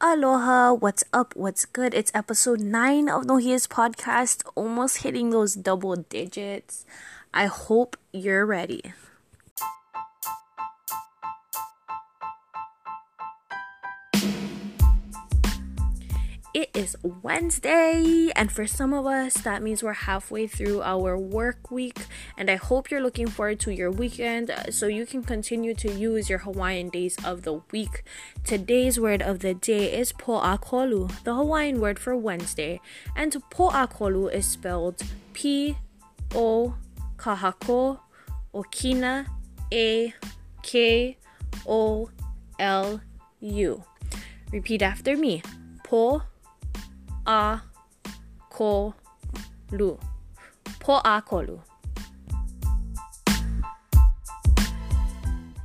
Aloha, what's up, what's good? It's episode 9 of Nohia's podcast, almost hitting those double digits. I hope you're ready. It is Wednesday, and for some of us, that means we're halfway through our work week. And I hope you're looking forward to your weekend uh, so you can continue to use your Hawaiian days of the week. Today's word of the day is po'akolu, the Hawaiian word for Wednesday. And po'akolu is spelled P O kahako okina a k o l u. Repeat after me. Po a ko lu. Po a ko lu.